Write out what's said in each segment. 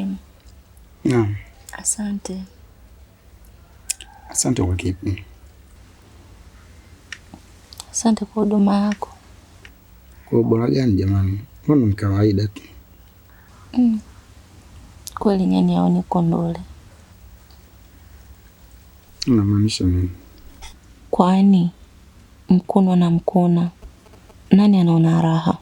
hakimu. Naam. Asante. Asante kwa kipi? Asante kwa huduma yako. Kwa ubora gani jamani? Mbona ni kawaida tu. Mm. Kweli nyani aoni kondole. Unamaanisha nini? Kwani mkunwa na mkuna, nani anaona raha?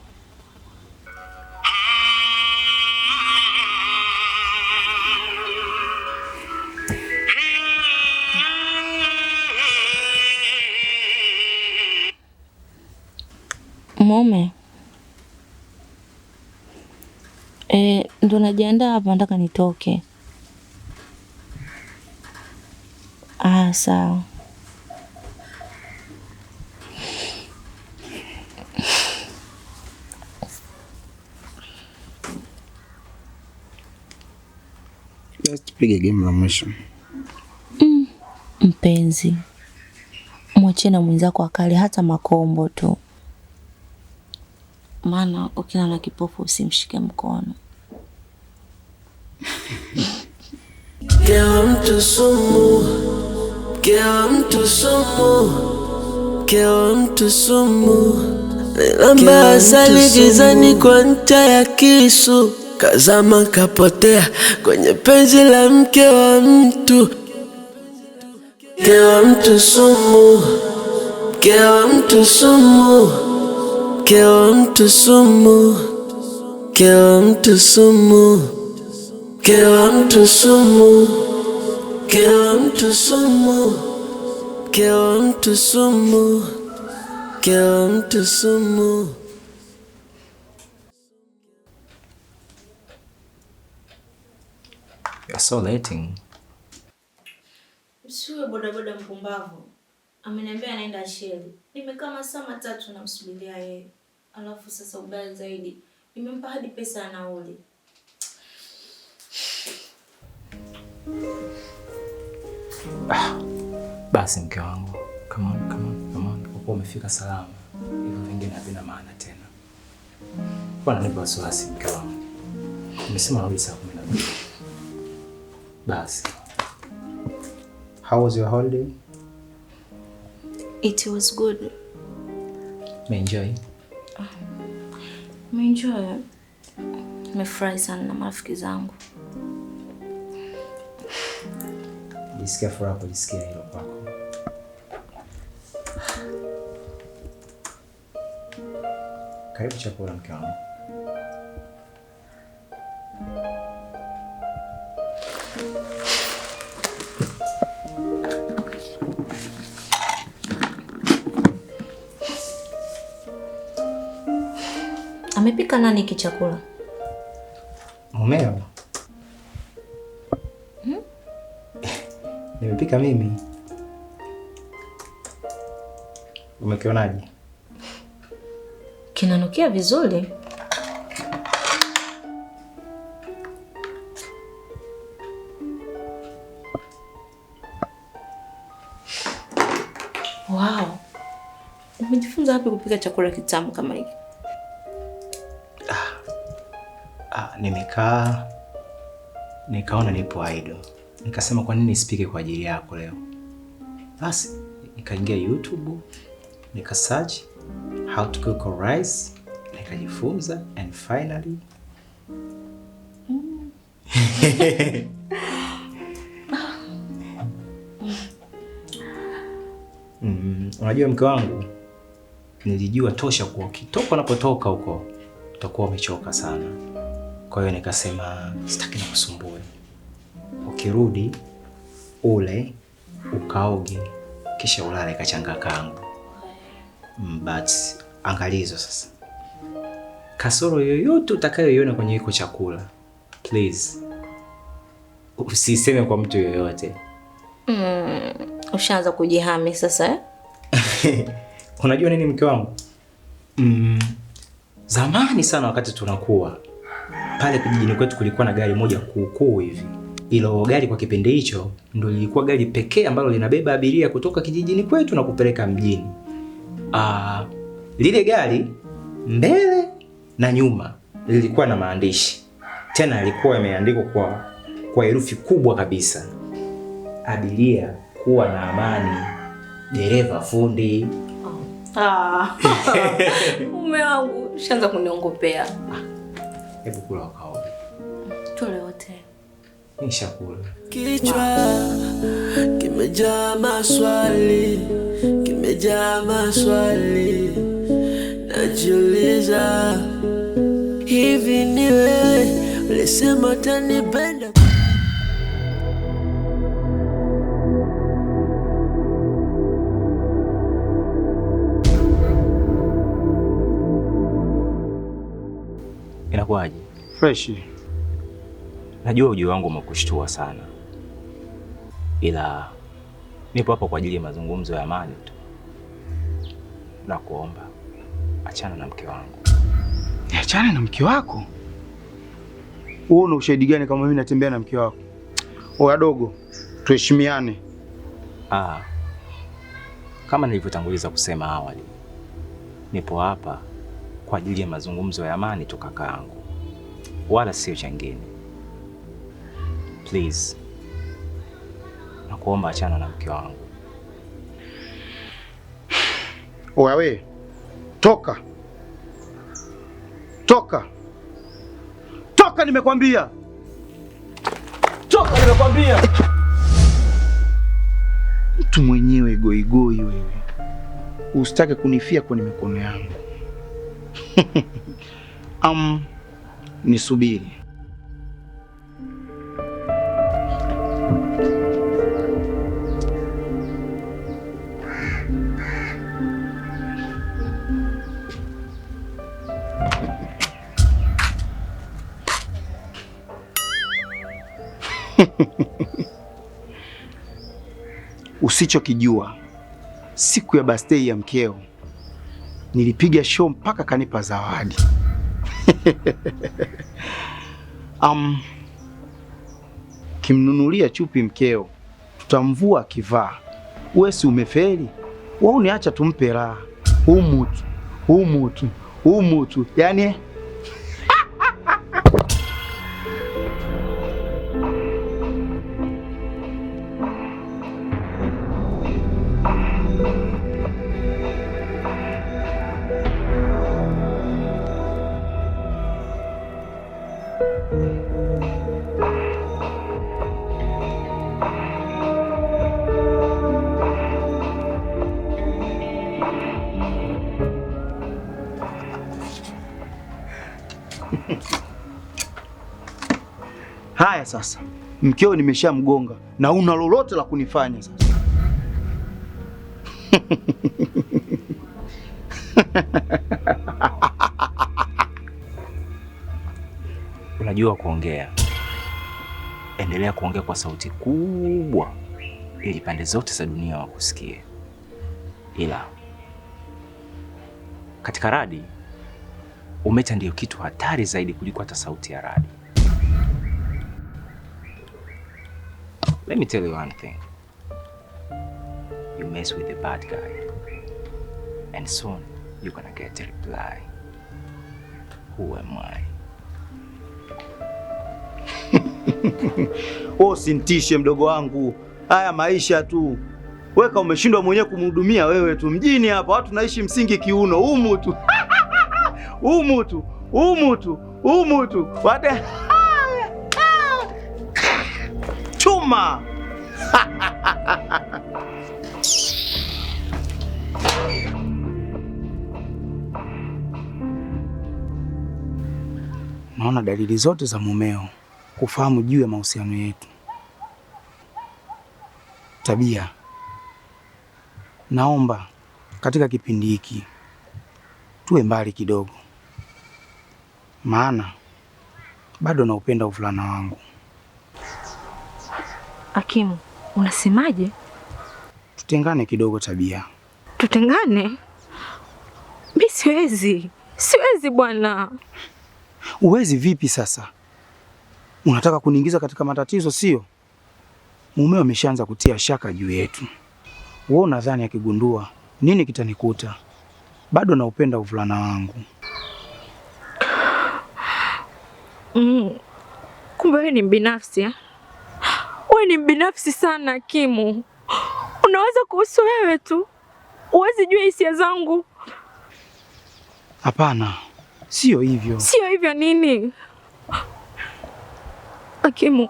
najiandaa hapa, nataka nitoke. Ah, sawa. Tupige game la mwisho. Mm, mpenzi, mwache na mwenzako akali hata makombo tu, maana ukila na kipofu usimshike mkono. mtu sumu, mtu sumu, mtu sumu. asali gizani kwa nta ya kisu, kazama kapotea kwenye penzi la mke wa mtu. Mke wa mtu sumu, mke wa mtu sumu, mke wa mtu sumu, mke wa mtu sumu, mke wa mtu sumu. Kila mtu sumu, kila mtu sumu, kila mtu sumu. You're so late. Usiwe bodaboda mpumbavu. Ameniambia anaenda sheli. Nimekaa masaa matatu namsubiria yeye. Alafu sasa ubaya zaidi. Nimempa hadi pesa ya nauli. Ah, basi mke wangu, come on, come on, come on. Kwa kuwa umefika salama, hivyo vingine havina maana tena. Bwana nipa wasiwasi mke wangu, umesema narudi saa kumi na mbili. Basi. How was your holiday? It was good. Umeenjoy? Umeenjoy. Nimefurahi sana na marafiki zangu. Nilijisikia furaha kulisikia hilo kwako. Karibu chakula, mke wangu. Amepika nani hiki chakula? Mumeo. nimepika mimi. Umekionaje? Kinanukia vizuri. Wow, umejifunza wapi kupika chakula kitamu kama hiki? Ah, ah, nimekaa nikaona nipo idle Nikasema kwa nini nisipike kwa ajili yako leo? Basi nikaingia YouTube nika search how to cook rice, nikajifunza and finally mm. mm, unajua mke wangu, nilijua tosha kuwa ukitoka unapotoka huko utakuwa umechoka sana. Kwa hiyo nikasema sitaki kusumbua ukirudi ule ukaoge, kisha ulale kachanga kangu. Mm, but angalizo sasa, kasoro yoyote utakayoiona kwenye hiko chakula please usiseme kwa mtu yoyote. Mm, ushaanza kujihami sasa eh? Unajua nini mke wangu, mm, zamani sana wakati tunakuwa pale kijijini kwetu kulikuwa na gari moja kuukuu hivi ilo gari kwa kipindi hicho ndio lilikuwa gari pekee ambalo linabeba abiria kutoka kijijini kwetu na kupeleka mjini. Aa, ah, lile gari mbele na nyuma lilikuwa na maandishi, tena yalikuwa yameandikwa kwa, kwa herufi kubwa kabisa: abiria kuwa na amani, dereva fundi. Ah, mume wangu shaanza kuniongopea. Ah, hebu kula ukaoge tule nishakula. Kichwa kimejaa maswali, kimejaa maswali, najiuliza hivi ni wewe ulisema tanipenda inakuwaje? Fresh. Najua ujio wangu umekushtua sana, ila nipo hapa kwa ajili ya mazungumzo ya amani tu, na kuomba achana na mke wangu. Achana na mke wako? Wewe una ushahidi gani kama mimi natembea na mke wako? Oya dogo, tuheshimiane. Ah, kama nilivyotanguliza kusema awali, nipo hapa kwa ajili ya mazungumzo ya amani tu kakaangu, wala sio changeni. Please, nakuomba achana na mke wangu. Oya we, toka toka toka, nimekwambia toka, nimekwambia mtu mwenyewe goigoi wewe, usitake kunifia kwenye mikono yangu. Am um, nisubiri Usichokijua, siku ya birthday ya mkeo nilipiga show mpaka kanipa zawadi. Um, kimnunulia chupi mkeo, tutamvua kivaa. Wesi umefeli, wauniacha tumpe raha. Humutu humutu humutu, yani sasa. Mkeo nimeshamgonga na una lolote la kunifanya sasa. Unajua kuongea, endelea kuongea kwa sauti kubwa, ili pande zote za dunia wakusikie. Ila katika radi, umeta ndiyo kitu hatari zaidi kuliko hata sauti ya radi. Let me tell you one thing. You mess with a bad guy and soon you're gonna get a reply. Who am I? Oh, sintishe mdogo wangu, haya maisha tu weka, umeshindwa mwenyewe kumhudumia wewe tu. Mjini hapa watu naishi msingi kiuno, Umu Umu tu. tu. Umu tu. Umu tu. Wate. Noma. Naona dalili zote za mumeo kufahamu juu ya mahusiano yetu. Tabia, naomba katika kipindi hiki tuwe mbali kidogo, maana bado naupenda uvulana wangu. Hakimu, unasemaje? Tutengane kidogo, Tabia. Tutengane? Mi siwezi, siwezi bwana. Uwezi vipi sasa? Unataka kuniingiza katika matatizo, sio? Mumeo ameshaanza kutia shaka juu yetu. Wewe unadhani akigundua nini kitanikuta? Bado naupenda uvulana wangu. Mm, kumbe wewe ni mbinafsi eh? Wewe ni binafsi sana Kimu, unaweza kuhusu wewe tu, huwezi jua hisia zangu. Hapana, sio hivyo. Sio hivyo nini? Akimu,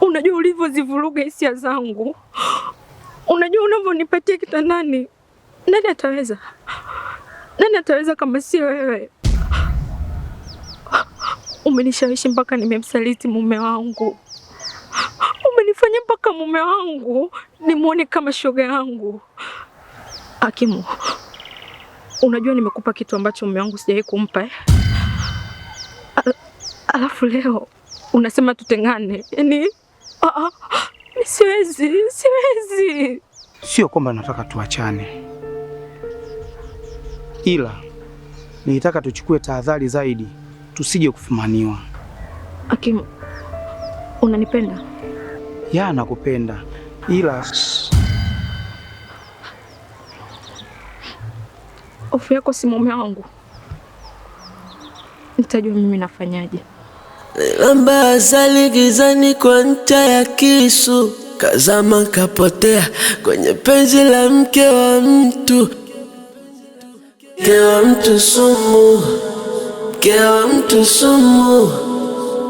unajua ulivyozivuruga hisia zangu, unajua unavyonipatia kitandani. Nani ataweza? Nani ataweza kama sio wewe? Umenishawishi mpaka nimemsaliti mume wangu umenifanya mpaka mume wangu nimwone kama shoga yangu. Hakimu, unajua nimekupa kitu ambacho mume wangu sijawahi kumpa eh? Al alafu leo unasema tutengane, yaani ah, ah, siwezi, siwezi. Sio kwamba nataka tuachane, ila nilitaka tuchukue tahadhari zaidi tusije kufumaniwa. Hakimu, unanipenda? ya nakupenda ila ofu yako si mume wangu, nitajua mimi nafanyaje. Nilamba asali gizani kwa nta ya kisu, kazama kapotea kwenye penzi la mke wa mtu, mke wa mtu sumu, mke wa mtu sumu,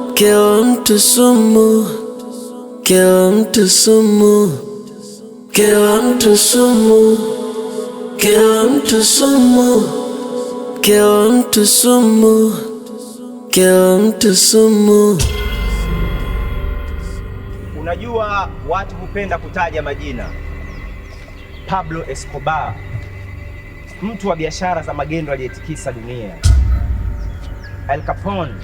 mke wa mtu sumu kila mtu sumu, kila mtu sumu, kila mtu sumu, kila mtu sumu, kila mtu sumu. Unajua watu hupenda kutaja majina. Pablo Escobar, mtu wa biashara za magendo aliyetikisa dunia. Al Capone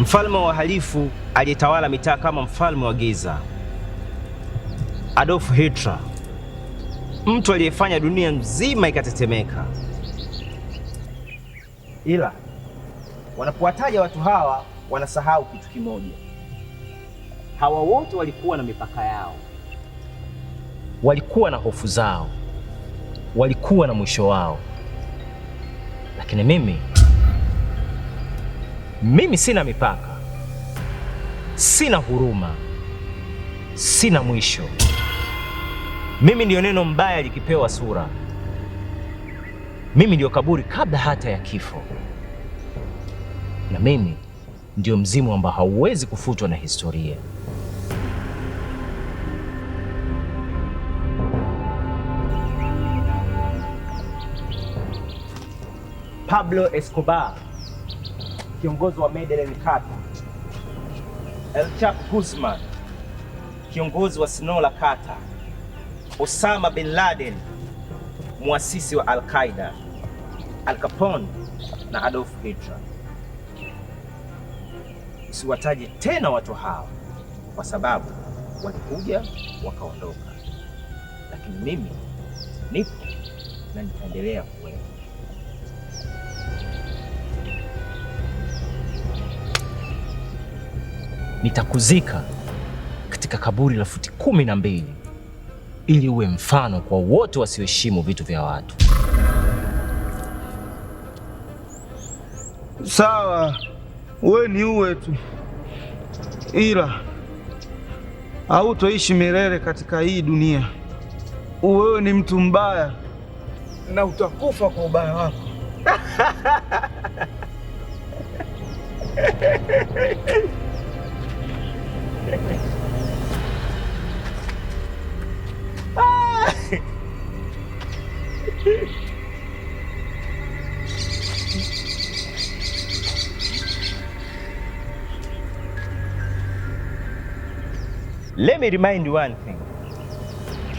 mfalme wa wahalifu aliyetawala mitaa kama mfalme wa giza, Adolf Hitler, mtu aliyefanya dunia nzima ikatetemeka. Ila wanapowataja watu hawa wanasahau kitu kimoja: hawa wote walikuwa na mipaka yao, walikuwa na hofu zao, walikuwa na mwisho wao, lakini mimi mimi sina mipaka, sina huruma, sina mwisho. Mimi ndiyo neno mbaya likipewa sura. Mimi ndiyo kaburi kabla hata ya kifo, na mimi ndiyo mzimu ambao hauwezi kufutwa na historia. Pablo Escobar kiongozi wa Medellin kata, El Chapo Guzman kiongozi wa Sinola kata, Osama bin Laden muasisi wa Al Qaida, Al Capone na Adolf Hitler. Usiwataje tena watu hawa kwa sababu walikuja wakaondoka, lakini mimi nipo na nitaendelea kuwepo. nitakuzika katika kaburi la futi kumi na mbili ili uwe mfano kwa wote wasioheshimu vitu vya watu. Sawa, we ni uwe tu, ila hautoishi milele katika hii dunia. Wewe ni mtu mbaya na utakufa kwa ubaya wako. me remind one thing.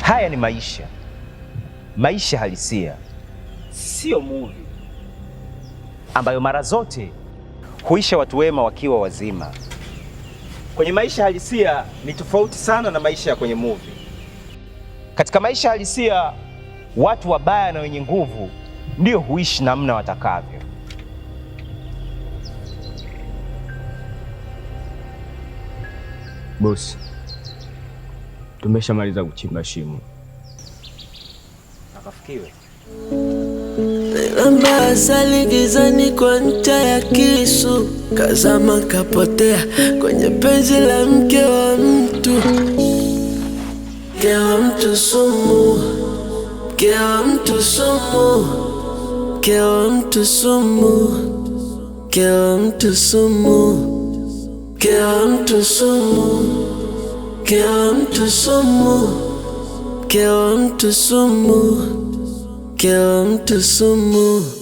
Haya ni maisha, maisha halisia, sio movie ambayo mara zote huisha watu wema wakiwa wazima. Kwenye maisha halisia ni tofauti sana na maisha ya kwenye movie. Katika maisha halisia watu wabaya na wenye nguvu ndio huishi namna watakavyo. Bosi, tumeshamaliza kuchimba shimo. Akafikiwe ambasali gizani kwa nta ya kisu kazama kapotea kwenye penzi la mke wa mtu, mke wa mtu sumu, mke wa mtu sumu, mke wa mtu sumu, mke wa mtu sumu, mke wa mtu sumu Que antes somos, que antes somos, que antes somos.